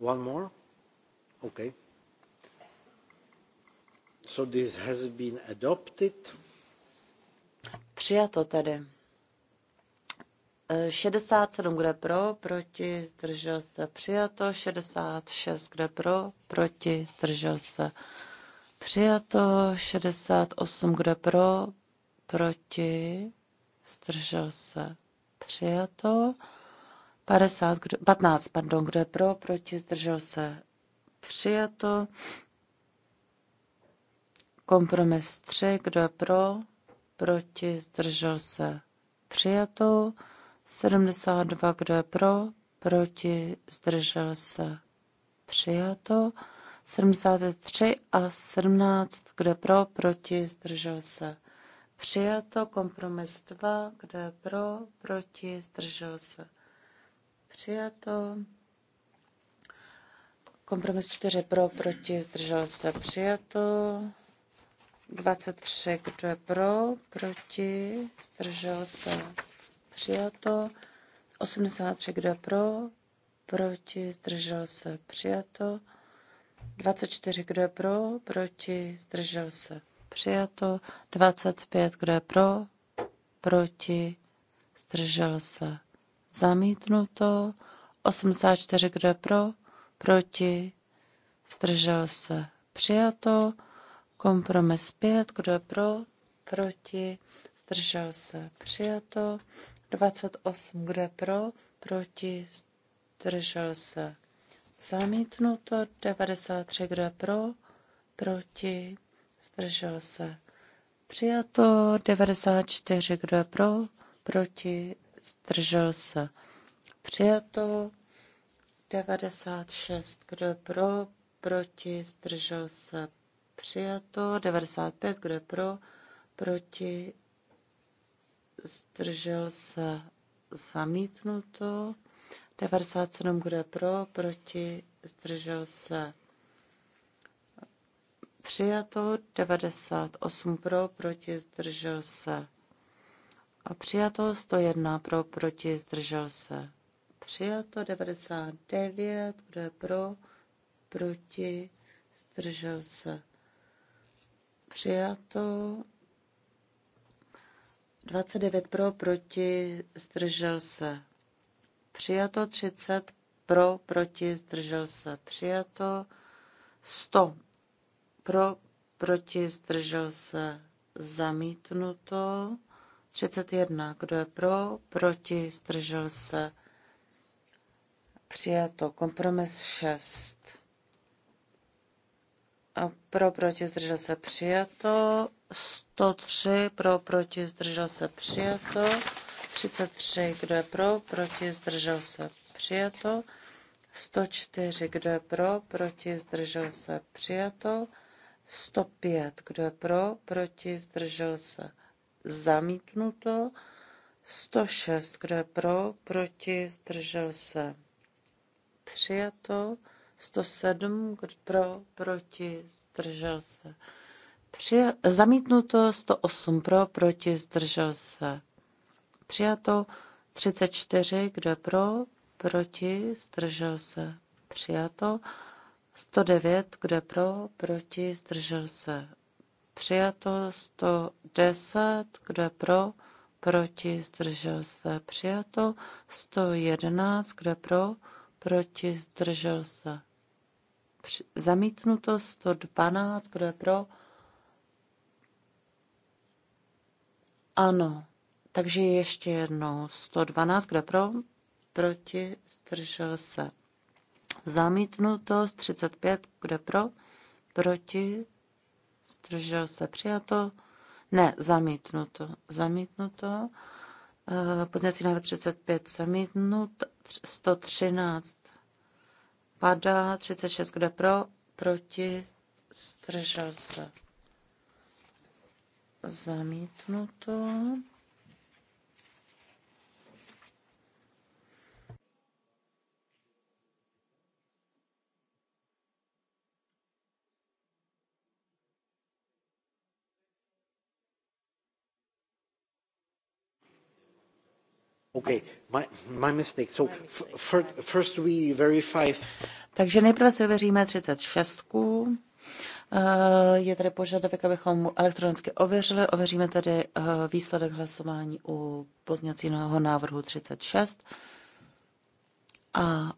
One more? Okay. So this has been adopted. Přijato tedy. 67, eh, kde pro, proti, zdržel se, přijato. 66, kde pro, proti, zdržel se, Přijato 68, kdo pro, proti, zdržel se. Přijato 50, kdo, 15, pardon, kdo je pro, proti, zdržel se. Přijato. Kompromis 3, kdo je pro, proti, zdržel se. Přijato. 72, kdo je pro, proti, zdržel se. Přijato. 73 a 17, kdo pro, proti, zdržel se. Přijato kompromis 2, kdo je pro, proti, zdržel se. Přijato. Kompromis 4 pro, proti, zdržel se. Přijato. 23, kdo je pro, proti, zdržel se. Přijato. 83, kdo je pro, proti, zdržel se. Přijato. 24, kdo je pro, proti, zdržel se, přijato. 25, kdo je pro, proti, zdržel se, zamítnuto. 84, kdo je pro, proti, zdržel se, přijato. Kompromis 5, kdo je pro, proti, zdržel se, přijato. 28, kdo je pro, proti, zdržel se, Zamítnuto 93, kdo je pro, proti, zdržel se. Přijato 94, kdo je pro, proti, zdržel se. Přijato 96, kdo je pro, proti, zdržel se. Přijato 95, kdo je pro, proti, zdržel se. Zamítnuto 97 bude pro, proti, zdržel se přijato, 98 pro, proti, zdržel se a přijato, 101 pro, proti, zdržel se přijato, 99, kdo je pro, proti, zdržel se přijato, 29 pro, proti, zdržel se přijato, 30 pro, proti, zdržel se, přijato, 100 pro, proti, zdržel se, zamítnuto, 31, kdo je pro, proti, zdržel se, přijato, kompromis 6. A pro, proti, zdržel se, přijato, 103, pro, proti, zdržel se, přijato, 133, kdo je pro, proti, zdržel se, přijato. 104, kdo je pro, proti, zdržel se, přijato. 105, kdo je pro, proti, zdržel se, zamítnuto. 106, kdo je pro, proti, zdržel se, přijato. 107, kdo pro, proti, zdržel se. Přijat, zamítnuto 108 pro, proti, zdržel se. Přijato 34, kdo je pro, proti, zdržel se. Přijato 109, kdo je pro, proti, zdržel se. Přijato 110, kdo je pro, proti, zdržel se. Přijato 111, kdo je pro, proti, zdržel se. Při, zamítnuto 112, kdo je pro? Ano, takže ještě jednou 112, kdo pro, proti, zdržel se. Zamítnuto 35, kdo pro, proti, zdržel se. Přijato, ne, zamítnuto, zamítnuto. Eh, Pozněcí návrh 35 zamítnut, 113 padá, 36 kde pro, proti, zdržel se. Zamítnuto. Okay, my, my mistake. So first we verify. Takže nejprve si ověříme 36. Eh, je tady požadavek, abychom elektronicky ověřili. Ověříme tady eh, výsledek hlasování u pozněcího návrhu 36. A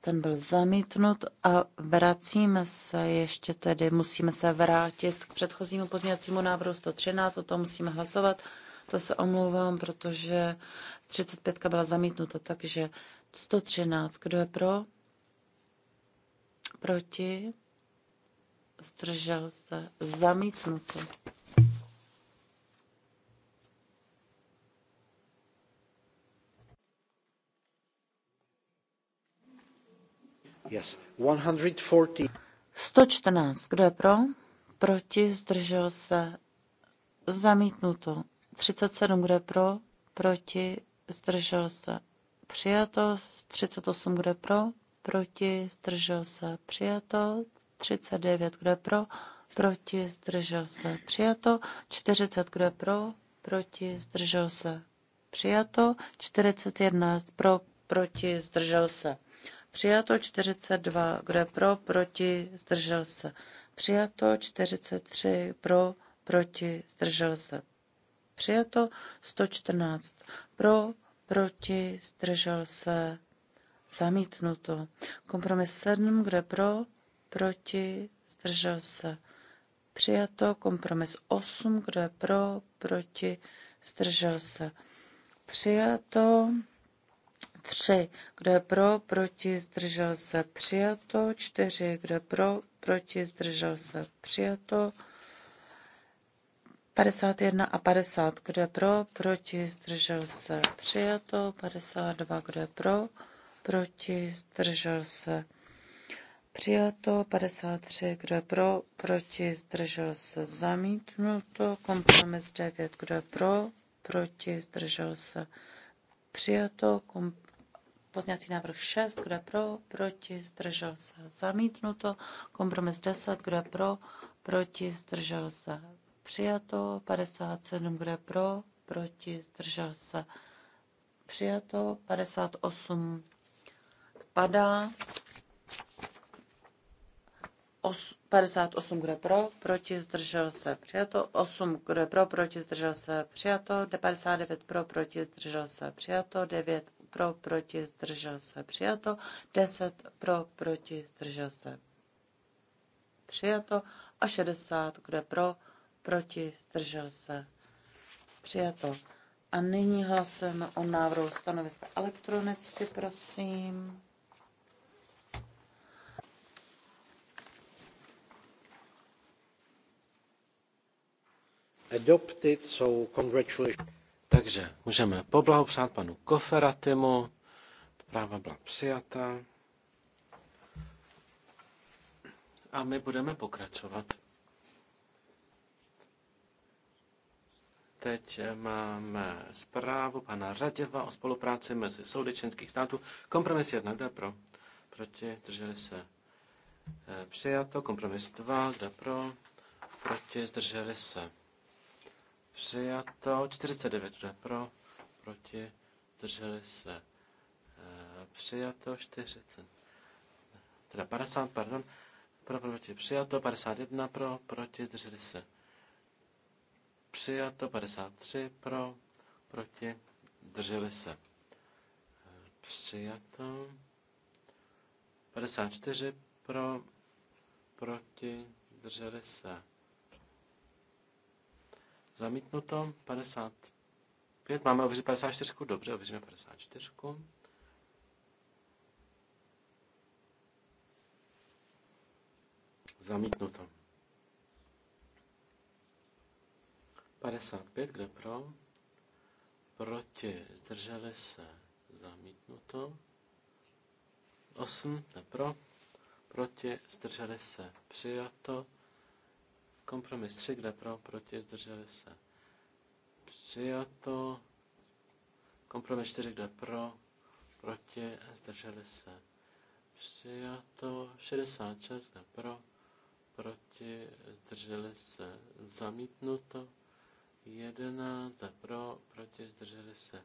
ten byl zamítnut a vracíme se ještě tedy, musíme se vrátit k předchozímu pozměňovacímu návrhu 113, o tom musíme hlasovat. To se omlouvám, protože 35 byla zamítnuta, takže 113. Kdo je pro? Proti? Zdržel se. Zamítnuto. Yes. 140. 114. Kdo je pro? Proti? Zdržel se. Zamítnuto. 37, kde pro, proti, zdržel se, přijato. 38, kde pro, proti, zdržel se, přijato. 39, kde pro, proti, zdržel se, přijato. 40, kde pro, proti, zdržel se, přijato. 41, pro, proti, zdržel se. Přijato 42, kde pro, proti, zdržel se. Přijato 43, pro, proti, zdržel se přijato, 114 pro, proti, zdržel se, zamítnuto. Kompromis 7, kde pro, proti, zdržel se, přijato, kompromis 8, kde pro, proti, zdržel se, přijato. 3. Kdo je pro, proti, zdržel se, přijato. 4. Kdo je pro, proti, zdržel se, přijato. 51 a 50, kdo je pro, proti, zdržel se, přijato. 52, kdo je pro, proti, zdržel se, přijato. 53, kdo je pro, proti, zdržel se, zamítnuto. Kompromis 9, kdo je pro, proti, zdržel se, přijato. Kom- Pozněcí návrh 6, kdo je pro, proti, zdržel se, zamítnuto. Kompromis 10, kdo je pro, proti, zdržel se, přijato, 57, bude pro, proti, zdržel se, přijato, 58 padá, 58, kde pro, proti, zdržel se, přijato, 8, kde pro, proti, zdržel se, přijato, 59 pro, proti, zdržel se, přijato, 9 pro, proti, zdržel se, přijato, 10 pro, proti, zdržel se, přijato a 60, kdo je pro, proti, zdržel se, přijato. A nyní hlasujeme o návrhu stanoviska elektronicky, prosím. Adopted, so congratulations. Takže můžeme poblahopřát panu Koferatimu. Práva byla přijata. A my budeme pokračovat. Teď máme zprávu pana Raděva o spolupráci mezi soudy členských států. Kompromis 1, kde pro? Proti, drželi se. Eh, přijato. Kompromis 2, kde pro? Proti, zdrželi se. Přijato. 49, kde pro? Proti, zdrželi se. Eh, přijato. 40. Teda 50, pardon. Pro, proti, přijato. 51, pro, proti, zdrželi se Přijato 53 pro, proti, drželi se. Přijato 54 pro, proti, drželi se. Zamítnuto 55. Máme ověřit 54. Dobře, ověříme 54. Zamítnuto. 55, kdo pro? Proti, zdrželi se, zamítnuto. 8, kdo pro? Proti, zdrželi se, přijato. Kompromis 3, kde pro, proti, zdrželi se, přijato. Kompromis 4, kde pro, proti, zdrželi se, přijato. 66, kde pro, proti, zdrželi se, zamítnuto. 11, jde pro, proti, zdrželi se.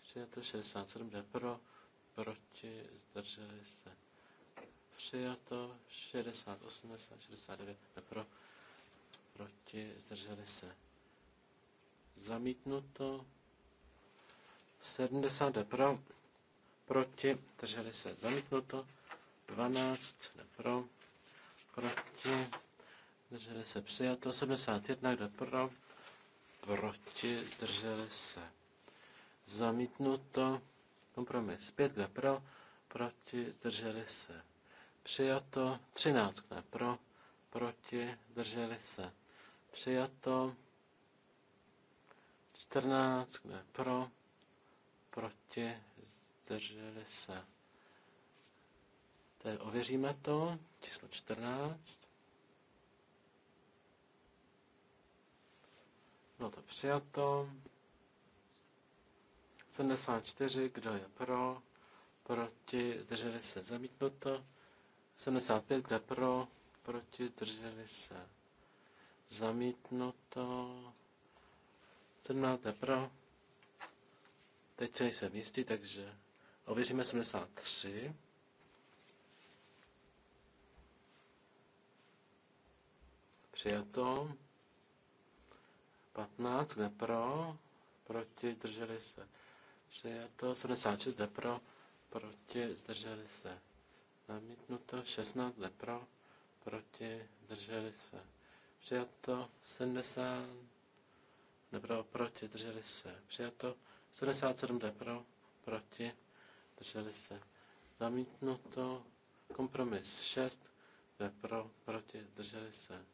3, to 67, jde pro, proti, zdrželi se. Přijato 60, 80, 69, jde pro, proti, zdrželi se. Zamítnuto 70, jde pro, proti, zdrželi se. Zamítnuto 12, jde pro, proti, zdrželi se. Přijato 71, jde pro, proti, zdrželi se. Zamítnuto, kompromis 5, kde pro, proti, zdrželi se. Přijato, 13, kde pro, proti, zdrželi se. Přijato, 14, kde pro, proti, zdrželi se. Tady ověříme to, číslo 14. Bylo to přijato. 74, kdo je pro, proti, zdrželi se, zamítnuto. 75, kdo je pro, proti, zdrželi se, zamítnuto. 17 je pro. Teď se nejsem jistý, takže ověříme 73. Přijato. 15, kde pro, proti, zdrželi se. Přijato 76, kde pro, proti, zdrželi se. Zamítnuto 16, kde pro, proti, zdrželi se. Přijato 70, kde pro, proti, zdrželi se. Přijato 77, kde pro, proti, zdrželi se. Zamítnuto kompromis 6, kde pro, proti, zdrželi se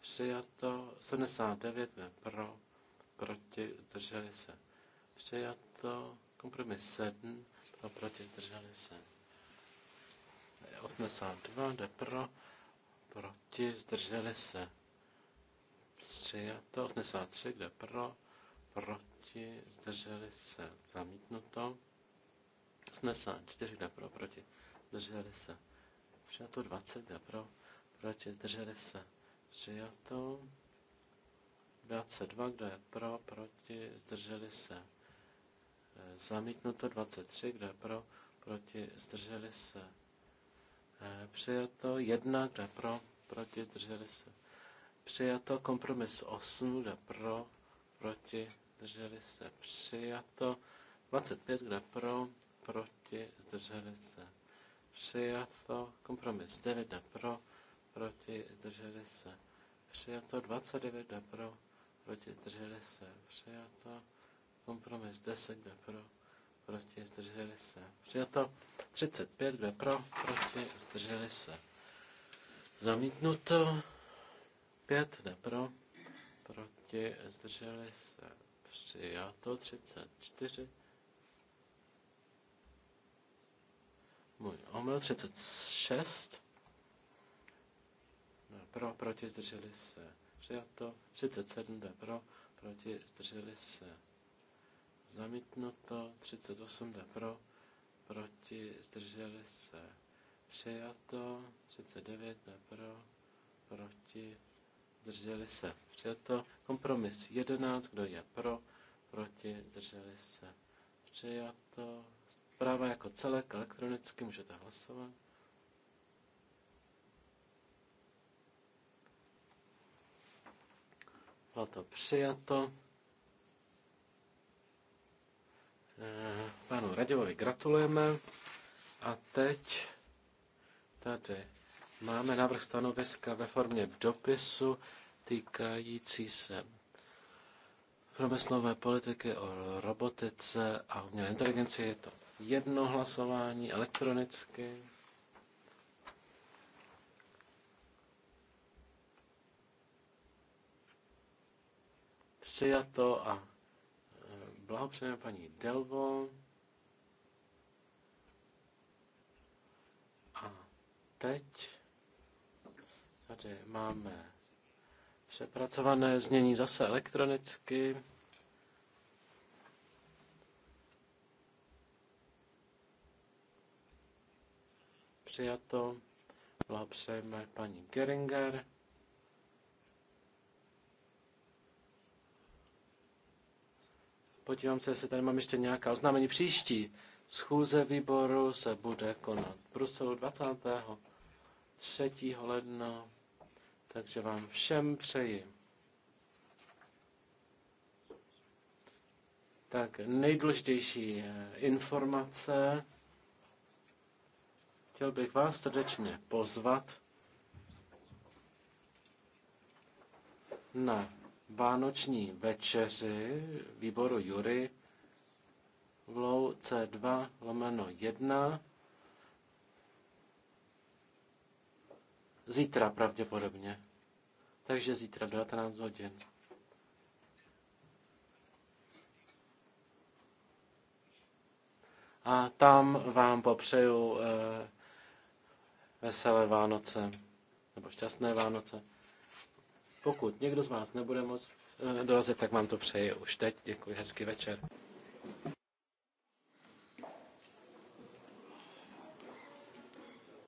přijato, 79 pro, proti, zdrželi se, přijato, kompromis 7 pro, proti, zdrželi se, 82 jde pro, proti, zdrželi se, přijato, 83 jde pro, proti, zdrželi se, zamítnuto, 84 jde pro, proti, zdrželi se, přijato 20 jde pro, proti, zdrželi se, přijato. 22, kdo je pro, proti, zdrželi se. E, zamítnuto 23, kdo je pro, proti, zdrželi se. E, přijato 1, kdo je pro, proti, zdrželi se. Přijato kompromis 8, kdo je pro, proti, zdrželi se. Přijato 25, kdo je pro, proti, zdrželi se. Přijato kompromis 9, kdo je pro, proti, zdrželi se. Přijato 29 jde pro, proti, zdrželi se. Přijato kompromis 10 jde pro, proti, zdrželi se. Přijato 35 jde pro, proti, zdrželi se. Zamítnuto 5 jde pro, proti, zdrželi se. Přijato 34 můj omyl 36 pro, proti, zdrželi se. Přijato 37, jde pro, proti, zdrželi se. Zamítnuto 38, jde pro, proti, zdrželi se. Přijato 39, jde pro, proti, zdrželi se. Přijato kompromis 11, kdo je pro, proti, zdrželi se. Přijato zpráva jako celek elektronicky, můžete hlasovat. Bylo to přijato. Eh, panu Radivovi gratulujeme. A teď tady máme návrh stanoviska ve formě dopisu týkající se průmyslové politiky o robotice a umělé inteligenci. Je to jedno hlasování elektronicky. přijato a eh, blahopřejeme paní Delvo. A teď tady máme přepracované znění zase elektronicky. Přijato. Blahopřejeme paní Geringer. Podívám se, jestli tady mám ještě nějaká oznámení. Příští schůze výboru se bude konat v Bruselu 23. ledna, takže vám všem přeji. Tak nejdůležitější eh, informace. Chtěl bych vás srdečně pozvat na vánoční večeři výboru Jury v louce 2 lomeno 1 zítra pravděpodobně. Takže zítra v 19 hodin. A tam vám popřeju eh, veselé Vánoce, nebo šťastné Vánoce. Pokud někdo z vás nebude moc eh, dorazit, tak vám to přeji už teď. Děkuji, hezký večer.